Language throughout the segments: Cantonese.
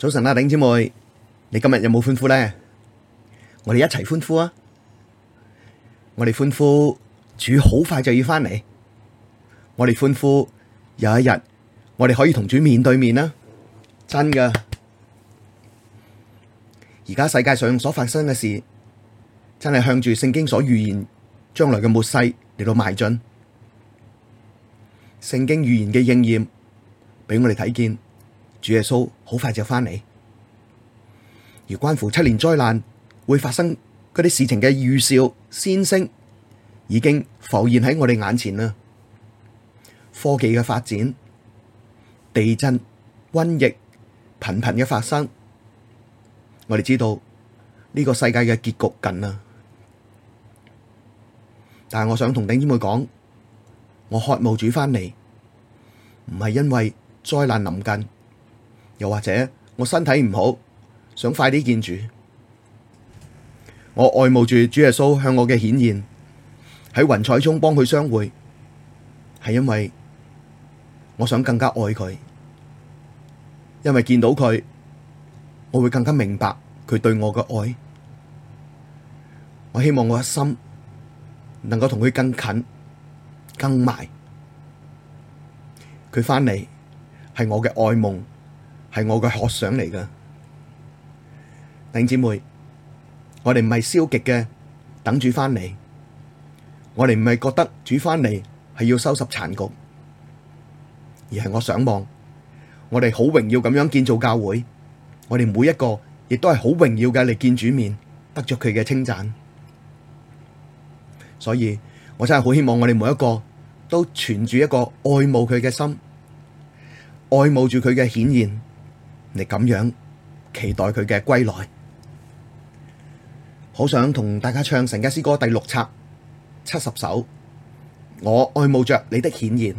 早晨啦，頂尖妹，你今日有冇歡呼咧？我哋一齊歡呼啊！我哋歡呼，主好快就要返嚟。我哋歡呼，有一日我哋可以同主面對面啦，真㗎！而家世界上所發生嘅事，真係向住聖經所預言將來嘅末世嚟到邁進，聖經預言嘅應驗俾我哋睇見。主耶穌好快就翻嚟，而關乎七年災難會發生嗰啲事情嘅預兆、先聲已經浮現喺我哋眼前啦。科技嘅發展、地震、瘟疫頻頻嘅發生，我哋知道呢個世界嘅結局近啦。但係我想同弟兄們講，我渴慕主翻嚟，唔係因為災難臨近。又或者我身體唔好，想快啲見主。我愛慕住主耶穌向我嘅顯現，喺雲彩中幫佢相會，係因為我想更加愛佢，因為見到佢，我會更加明白佢對我嘅愛。我希望我嘅心能夠同佢更近、更埋。佢翻嚟係我嘅愛夢。係我嘅學想嚟嘅，弟兄姊妹，我哋唔係消極嘅等住翻嚟，我哋唔係覺得主翻嚟係要收拾殘局，而係我想望，我哋好榮耀咁樣建造教會，我哋每一個亦都係好榮耀嘅嚟見主面，得着佢嘅稱讚，所以我真係好希望我哋每一個都存住一個愛慕佢嘅心，愛慕住佢嘅顯現。你咁樣期待佢嘅歸來，好想同大家唱《神家詩歌》第六冊七十首，我愛慕着你的顯現。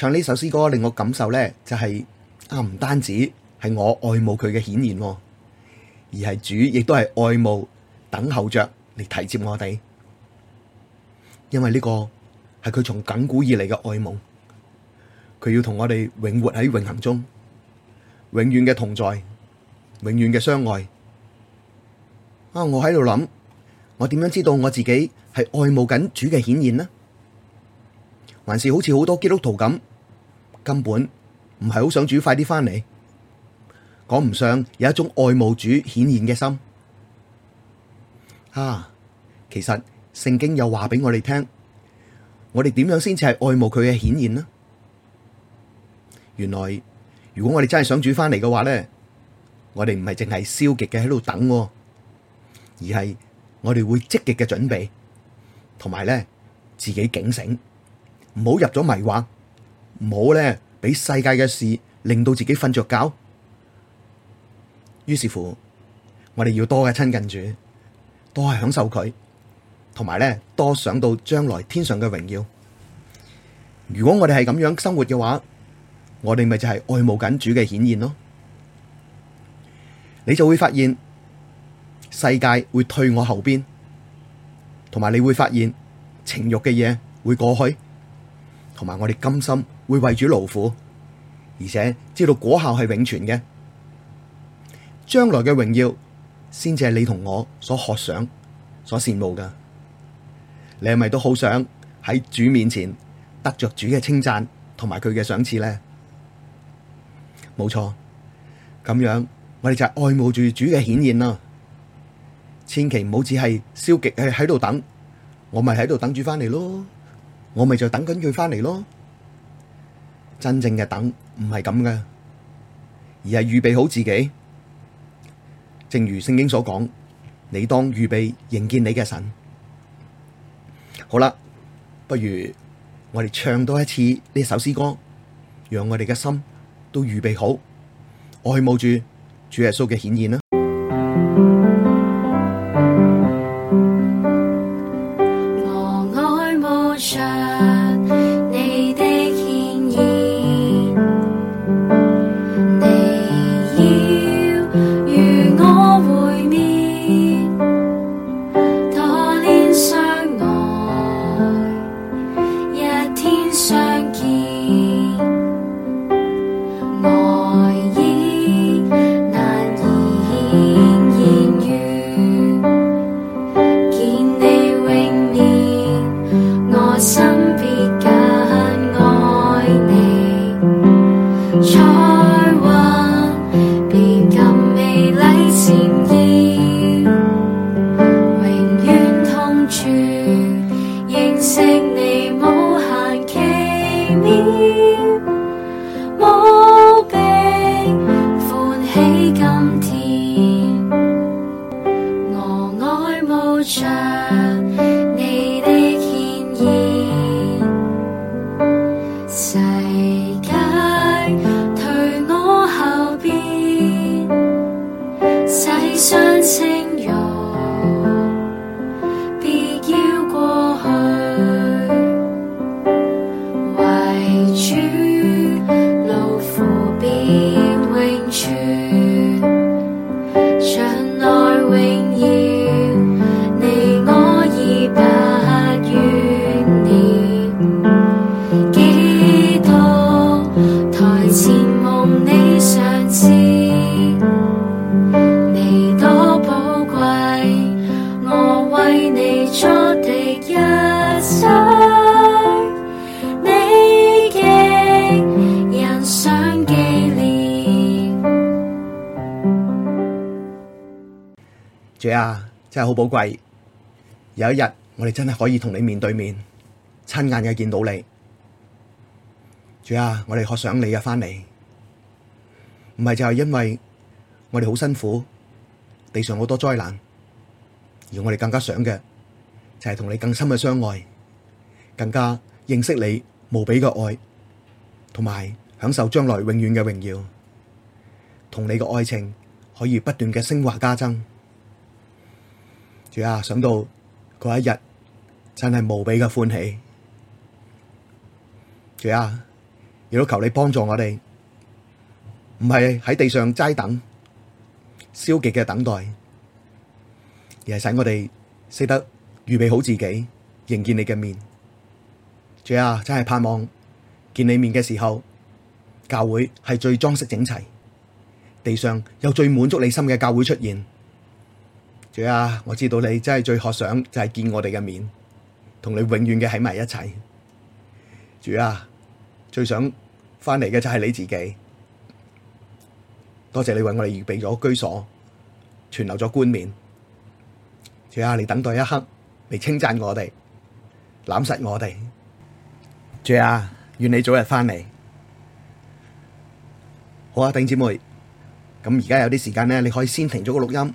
唱呢首詩歌令我感受咧，就係啊，唔單止係我愛慕佢嘅顯現，而係主亦都係愛慕，等候着嚟提接我哋。因為呢個係佢從亘古以嚟嘅愛慕，佢要同我哋永活喺永恒中，永遠嘅同在，永遠嘅相愛。啊，我喺度諗，我點樣知道我自己係愛慕緊主嘅顯現呢？還是好似好多基督徒咁？根本唔係好想主快啲翻嚟，講唔上有一種愛慕主顯現嘅心。啊，其實聖經有話俾我哋聽，我哋點樣先至係愛慕佢嘅顯現呢？原來如果我哋真係想主翻嚟嘅話咧，我哋唔係淨係消極嘅喺度等，而係我哋會積極嘅準備，同埋咧自己警醒，唔好入咗迷惑。唔好咧，俾世界嘅事令到自己瞓著覺。於是乎，我哋要多嘅親近主，多係享受佢，同埋咧多想到將來天上嘅榮耀。如果我哋係咁樣生活嘅話，我哋咪就係愛慕緊主嘅顯現咯。你就會發現世界會退我後邊，同埋你會發現情欲嘅嘢會過去，同埋我哋甘心。會為主勞苦，而且知道果效係永存嘅，將來嘅榮耀先至係你同我所渴想、所羨慕噶。你係咪都好想喺主面前得着主嘅稱讚同埋佢嘅賞賜咧？冇錯，咁樣我哋就係愛慕住主嘅顯現啦。千祈唔好只係消極喺喺度等，我咪喺度等住翻嚟咯，我咪就等緊佢翻嚟咯。真正嘅等唔係咁嘅，而係預備好自己。正如聖經所講，你當預備迎見你嘅神。好啦，不如我哋唱多一次呢首詩歌，讓我哋嘅心都預備好，愛慕住主耶穌嘅顯現啦。真係好寶貴！有一日，我哋真係可以同你面對面、親眼嘅見到你。主啊，我哋可想你啊，翻嚟。唔係就係因為我哋好辛苦，地上好多災難，而我哋更加想嘅就係同你更深嘅相愛，更加認識你無比嘅愛，同埋享受將來永遠嘅榮耀，同你嘅愛情可以不斷嘅升華加增。主啊，想到嗰一日真係無比嘅歡喜。主啊，亦都求你幫助我哋，唔係喺地上齋等消極嘅等待，而係使我哋識得預備好自己，迎見你嘅面。主啊，真係盼望見你面嘅時候，教會係最裝飾整齊，地上有最滿足你心嘅教會出現。主啊，我知道你真係最渴想就係見我哋嘅面，同你永遠嘅喺埋一齊。主啊，最想翻嚟嘅就係你自己。多謝你為我哋預備咗居所，存留咗冠冕。主啊，你等待一刻嚟稱讚我哋，攬實我哋。主啊，願你早日翻嚟。好啊，弟兄姊妹，咁而家有啲時間呢，你可以先停咗個錄音。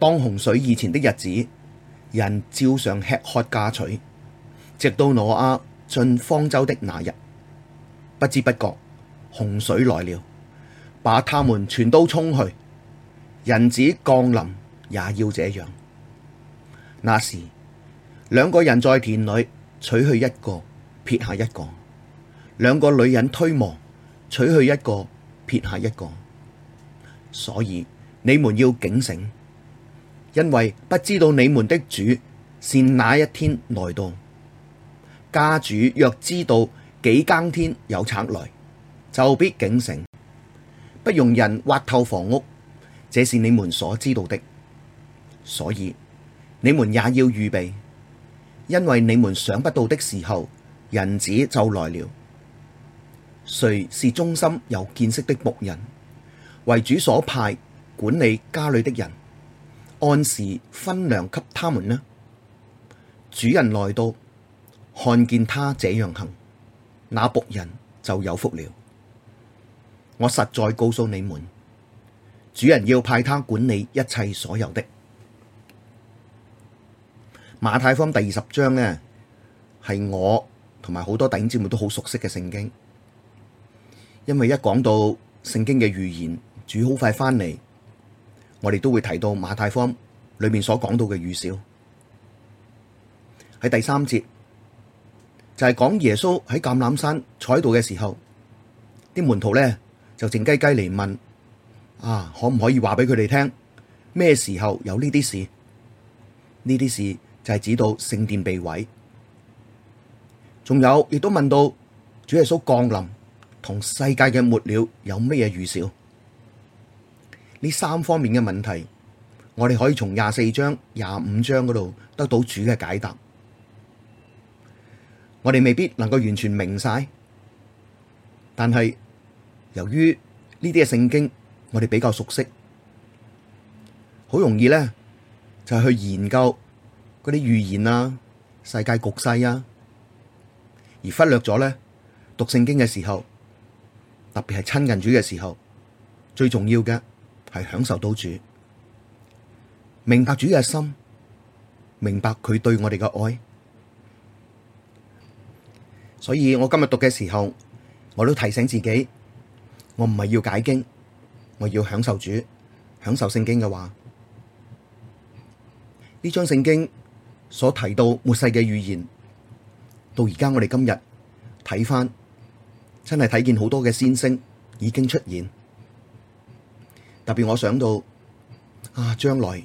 當洪水以前的日子，人照常吃喝嫁娶，直到挪亞進方舟的那日，不知不覺洪水來了，把他們全都沖去。人子降臨也要這樣。那時兩個人在田裡，取去一個，撇下一個；兩個女人推磨，取去一個，撇下一個。所以你們要警醒。因為不知道你們的主是哪一天來到，家主若知道幾更天有賊來，就必警醒，不容人挖透房屋。這是你們所知道的，所以你們也要預備，因為你們想不到的時候，人子就來了。誰是忠心有見識的僕人，為主所派管理家裡的人，按時分糧給他們呢？主人來到，看見他這樣行，那僕人就有福了。我實在告訴你們，主人要派他管理一切所有的。馬太福音第二十章呢，係我同埋好多弟兄姊妹都好熟悉嘅聖經，因為一講到聖經嘅預言，主好快翻嚟。我哋都會提到《馬太福音》裏面所講到嘅預兆，喺第三節就係講耶穌喺橄欖山坐喺度嘅時候，啲門徒咧就靜雞雞嚟問：啊，可唔可以話俾佢哋聽咩時候有呢啲事？呢啲事就係指到聖殿被毀，仲有亦都問到主耶穌降臨同世界嘅末了有咩嘢預兆？呢三方面嘅問題，我哋可以從廿四章、廿五章嗰度得到主嘅解答。我哋未必能夠完全明晒，但係由於呢啲嘅聖經我哋比較熟悉，好容易咧就係去研究嗰啲預言啊、世界局勢啊，而忽略咗咧讀聖經嘅時候，特別係親近主嘅時候最重要嘅。係享受到主，明白主嘅心，明白佢對我哋嘅愛。所以我今日讀嘅時候，我都提醒自己，我唔係要解經，我要享受主，享受聖經嘅話。呢張聖經所提到末世嘅預言，到而家我哋今日睇返，真係睇見好多嘅先聲已經出現。入邊我想到啊，將來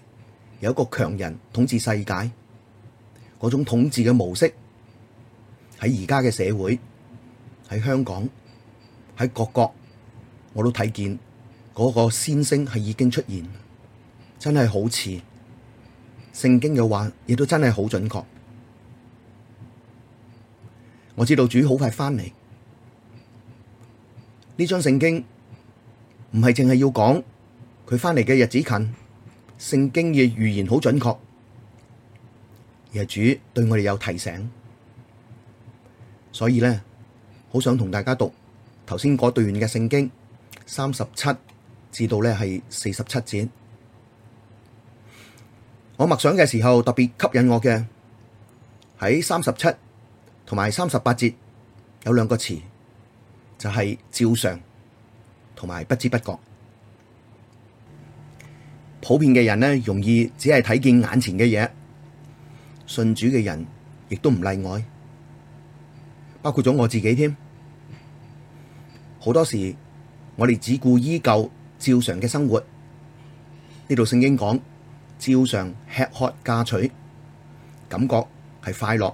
有一個強人統治世界嗰種統治嘅模式，喺而家嘅社會，喺香港，喺各國，我都睇見嗰、那個先聲係已經出現，真係好似聖經嘅話，亦都真係好準確。我知道主好快翻嚟，呢張聖經唔係淨係要講。佢返嚟嘅日子近，聖經嘅預言好準確，而主對我哋有提醒，所以呢，好想同大家讀頭先嗰段嘅聖經三十七至到呢係四十七節。我默想嘅時候特別吸引我嘅喺三十七同埋三十八節有兩個詞，就係照常同埋不知不覺。普遍嘅人呢，容易只係睇見眼前嘅嘢。信主嘅人亦都唔例外，包括咗我自己添。好多時我哋只顧依舊照常嘅生活。呢度聖經講照常吃喝嫁娶，感覺係快樂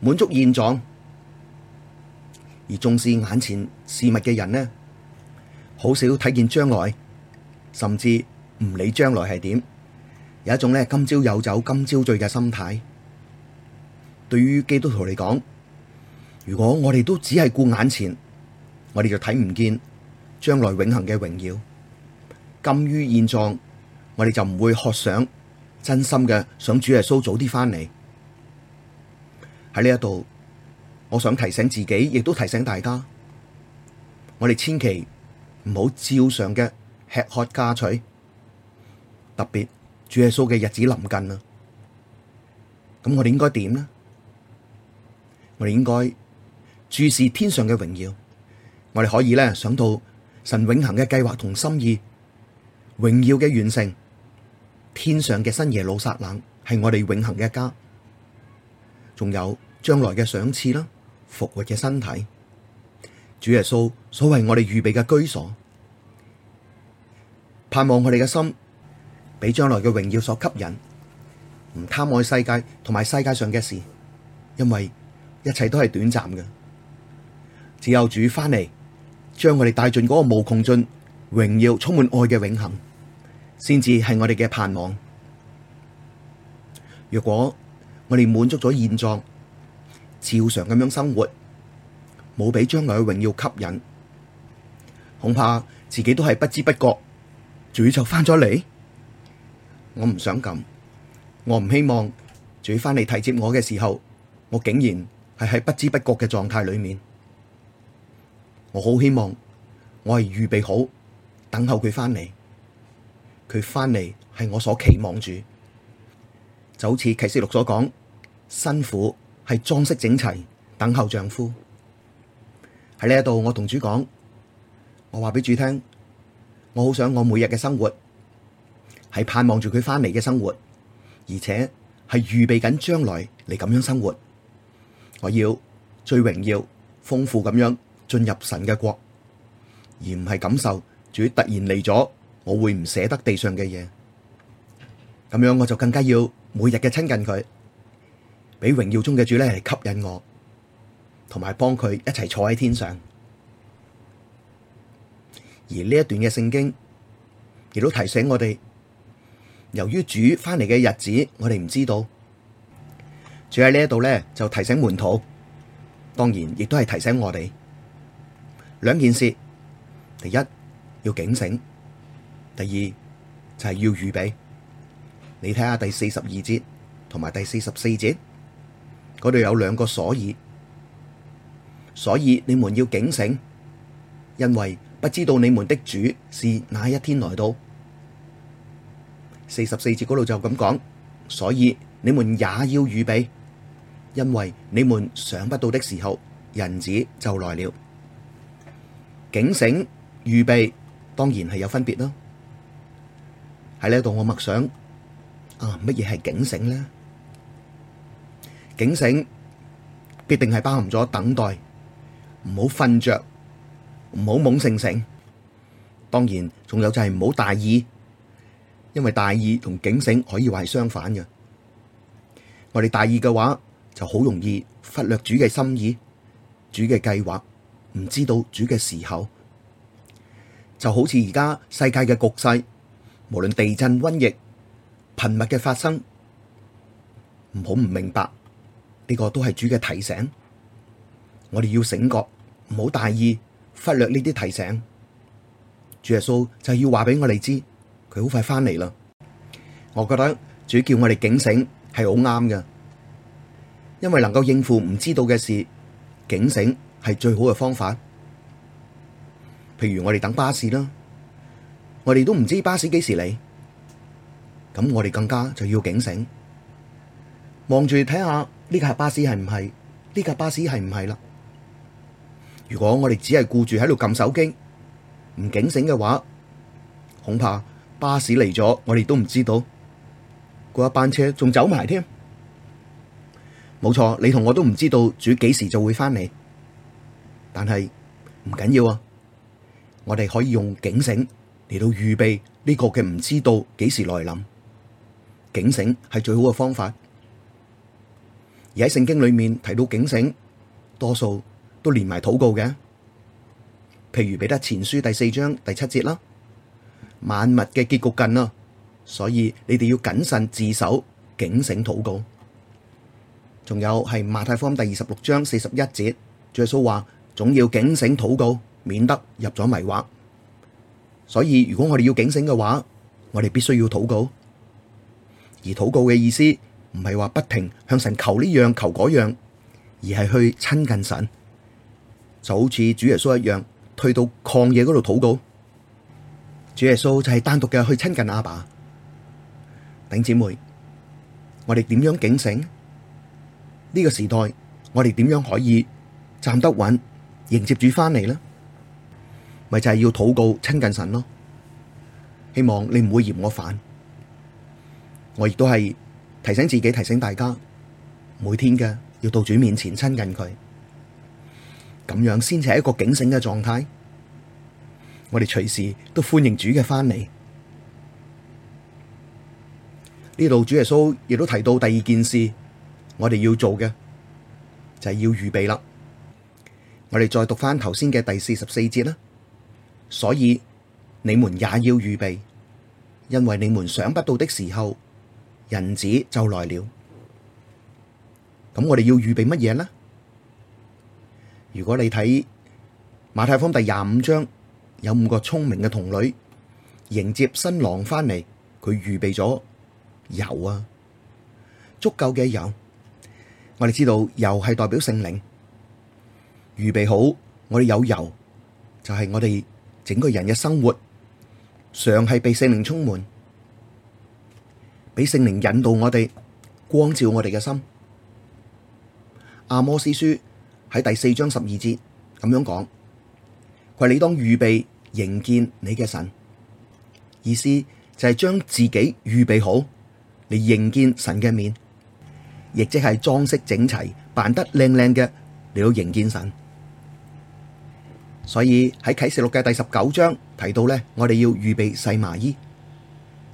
滿足現狀，而重視眼前事物嘅人呢，好少睇見將來，甚至。唔理將來係點，有一種咧今朝有酒今朝醉嘅心態。對於基督徒嚟講，如果我哋都只係顧眼前，我哋就睇唔見將來永恆嘅榮耀。甘於現狀，我哋就唔會渴想，真心嘅想主耶穌早啲翻嚟。喺呢一度，我想提醒自己，亦都提醒大家，我哋千祈唔好照常嘅吃喝嫁娶。特別主耶穌嘅日子臨近啦，咁我哋應該點呢？我哋應該注視天上嘅榮耀，我哋可以咧想到神永恒嘅計劃同心意，榮耀嘅完成，天上嘅新耶路撒冷係我哋永恒嘅一家，仲有將來嘅賞賜啦，復活嘅身體，主耶穌所為我哋預備嘅居所，盼望我哋嘅心。俾將來嘅榮耀所吸引，唔貪愛世界同埋世界上嘅事，因為一切都係短暫嘅。只有主翻嚟，將我哋帶進嗰個無窮盡、榮耀、充滿愛嘅永恆，先至係我哋嘅盼望。若果我哋滿足咗現狀，照常咁樣生活，冇俾將來嘅榮耀吸引，恐怕自己都係不知不覺，主就翻咗嚟。我唔想咁，我唔希望主翻嚟提接我嘅時候，我竟然係喺不知不覺嘅狀態裏面。我好希望我係預備好，等候佢翻嚟。佢翻嚟係我所期望住。就好似啟示錄所講，新婦係裝飾整齊，等候丈夫。喺呢一度，我同主講，我話俾主聽，我好想我每日嘅生活。係盼望住佢翻嚟嘅生活，而且係預備緊將來嚟咁樣生活。我要最榮耀、豐富咁樣進入神嘅國，而唔係感受主突然嚟咗，我會唔捨得地上嘅嘢。咁樣我就更加要每日嘅親近佢，俾榮耀中嘅主咧嚟吸引我，同埋幫佢一齊坐喺天上。而呢一段嘅聖經，亦都提醒我哋。由於主翻嚟嘅日子，我哋唔知道，主喺呢一度咧，就提醒門徒，當然亦都係提醒我哋兩件事，第一要警醒，第二就係要預備。你睇下第四十二節同埋第四十四節，嗰度有兩個所以，所以你們要警醒，因為不知道你們的主是哪一天來到。四十四節嗰度就咁講，所以你們也要預備，因為你們想不到的時候，人子就來了。警醒預備，當然係有分別啦。喺呢度我默想啊，乜嘢係警醒呢？警醒必定係包含咗等待，唔好瞓着，唔好懵盛盛，當然仲有就係唔好大意。因為大意同警醒可以話係相反嘅，我哋大意嘅話就好容易忽略主嘅心意、主嘅計劃，唔知道主嘅時候，就好似而家世界嘅局勢，無論地震、瘟疫、頻密嘅發生，唔好唔明白呢個都係主嘅提醒，我哋要醒覺，唔好大意忽略呢啲提醒。主耶穌就要話俾我哋知。佢好快翻嚟啦，我覺得主叫我哋警醒係好啱嘅，因為能夠應付唔知道嘅事，警醒係最好嘅方法。譬如我哋等巴士啦，我哋都唔知巴士幾時嚟，咁我哋更加就要警醒，望住睇下呢架巴士係唔係呢架巴士係唔係啦。如果我哋只係顧住喺度撳手機，唔警醒嘅話，恐怕。巴士嚟咗，我哋都唔知道嗰一班車，仲走埋添。冇錯，你同我都唔知道主幾時就會返嚟，但係唔緊要啊。我哋可以用警醒嚟到預備呢個嘅唔知道幾時來臨。警醒係最好嘅方法。而喺聖經裏面提到警醒，多數都連埋禱告嘅。譬如彼得前書第四章第七節啦。萬物嘅結局近啦，所以你哋要謹慎自守，警醒禱告。仲有係馬太福音第二十六章四十一節，主耶穌話：總要警醒禱告，免得入咗迷惑。所以如果我哋要警醒嘅話，我哋必須要禱告。而禱告嘅意思唔係話不停向神求呢樣求嗰樣，而係去親近神，就好似主耶穌一樣，退到曠野嗰度禱告。主耶穌就係單獨嘅去親近阿爸，頂姐妹，我哋點樣警醒呢，這個時代？我哋點樣可以站得穩，迎接主翻嚟呢？咪就係、是、要禱告親近神咯。希望你唔會嫌我煩，我亦都係提醒自己、提醒大家，每天嘅要到主面前親近佢，咁樣先至係一個警醒嘅狀態。我哋隨時都歡迎主嘅翻嚟。呢度主耶穌亦都提到第二件事，我哋要做嘅就係、是、要預備啦。我哋再讀翻頭先嘅第四十四節啦。所以你們也要預備，因為你們想不到的時候，人子就來了。咁我哋要預備乜嘢呢？如果你睇馬太福音第二十五章。有五個聰明嘅童女迎接新郎返嚟，佢預備咗油啊，足夠嘅油。我哋知道油係代表聖靈，預備好我哋有油，就係、是、我哋整個人嘅生活常係被聖靈充滿，俾聖靈引導我哋，光照我哋嘅心。阿摩司書喺第四章十二節咁樣講。佢，你當預備迎見你嘅神，意思就係將自己預備好嚟迎見神嘅面，亦即係裝飾整齊、扮得靚靚嘅嚟到迎見神。所以喺啟示錄嘅第十九章提到呢，我哋要預備細麻衣，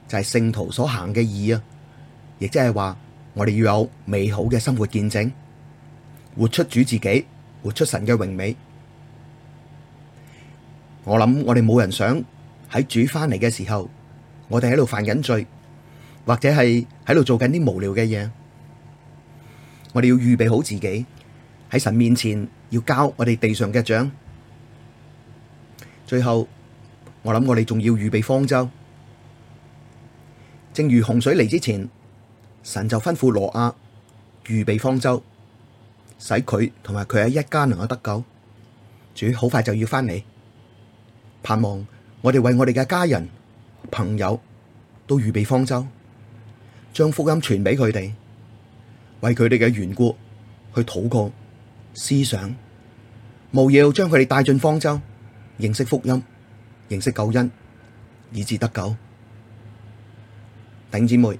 就係、是、聖徒所行嘅義啊！亦即係話我哋要有美好嘅生活見證，活出主自己，活出神嘅榮美。我諗我哋冇人想喺主翻嚟嘅時候，我哋喺度犯緊罪，或者係喺度做緊啲無聊嘅嘢。我哋要預備好自己，喺神面前要交我哋地上嘅賬。最後我諗我哋仲要預備方舟，正如洪水嚟之前，神就吩咐挪亞預備方舟，使佢同埋佢喺一家能夠得救。主好快就要翻嚟。盼望我哋為我哋嘅家人、朋友都預備方舟，將福音傳俾佢哋，為佢哋嘅緣故去禱告、思想，務要將佢哋帶進方舟，認識福音、認識救恩，以致得救。頂姐妹，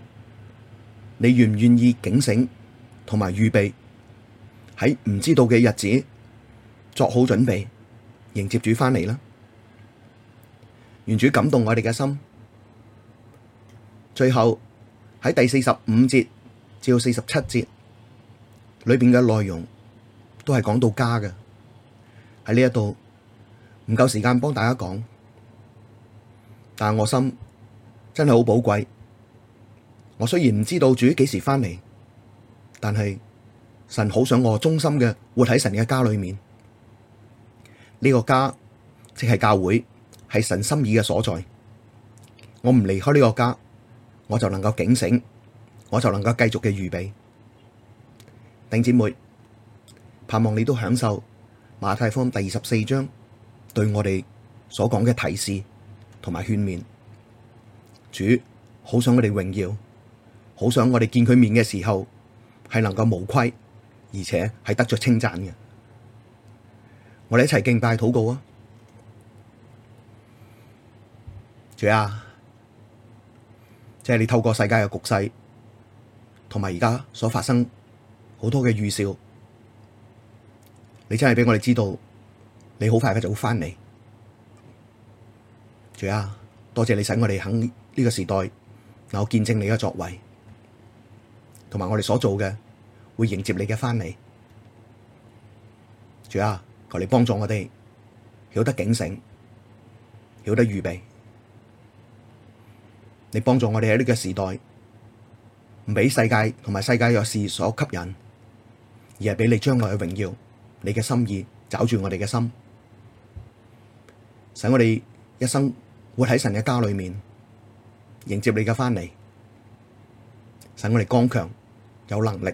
你願唔願意警醒同埋預備喺唔知道嘅日子作好準備，迎接主翻嚟啦？原主感動我哋嘅心，最後喺第四十五節至到四十七節裏邊嘅內容，都係講到家嘅。喺呢一度唔夠時間幫大家講，但係我心真係好寶貴。我雖然唔知道主幾時翻嚟，但係神好想我忠心嘅活喺神嘅家裏面，呢個家即係教會。係神心意嘅所在，我唔離開呢個家，我就能夠警醒，我就能夠繼續嘅預備。頂姐妹，盼望你都享受馬太福音第二十四章對我哋所講嘅提示同埋勸勉。主好想我哋榮耀，好想我哋見佢面嘅時候係能夠無愧，而且係得着稱讚嘅。我哋一齊敬拜禱告啊！主啊，即係你透過世界嘅局勢，同埋而家所發生好多嘅預兆，你真係俾我哋知道，你好快嘅就會翻嚟。主啊，多謝你使我哋喺呢個時代，嗱我見證你嘅作為，同埋我哋所做嘅，會迎接你嘅翻嚟。主啊，求你幫助我哋，曉得警醒，曉得預備。你幫助我哋喺呢個時代，唔俾世界同埋世界嘅事所吸引，而係俾你將來嘅榮耀，你嘅心意抓住我哋嘅心，使我哋一生活喺神嘅家裏面，迎接你嘅翻嚟，使我哋剛強有能力，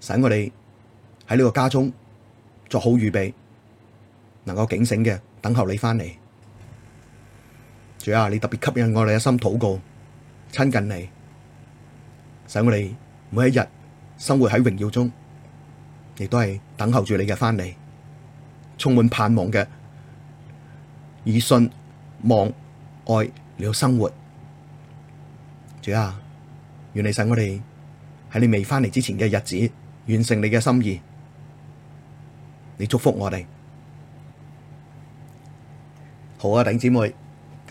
使我哋喺呢個家中作好預備，能夠警醒嘅等候你翻嚟。主啊，你特別吸引我哋嘅心禱告，親近你，使我哋每一日生活喺榮耀中，亦都係等候住你嘅翻嚟，充滿盼望嘅以信望愛嚟到生活。主啊，願你使我哋喺你未翻嚟之前嘅日子，完成你嘅心意。你祝福我哋，好啊，弟兄姊妹。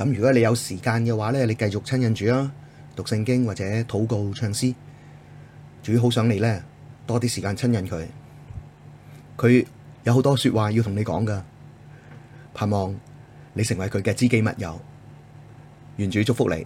咁如果你有時間嘅話咧，你繼續親近主啊，讀聖經或者禱告唱詩，主好想你咧，多啲時間親近佢，佢有好多說話要同你講㗎，盼望你成為佢嘅知己密友，願主祝福你。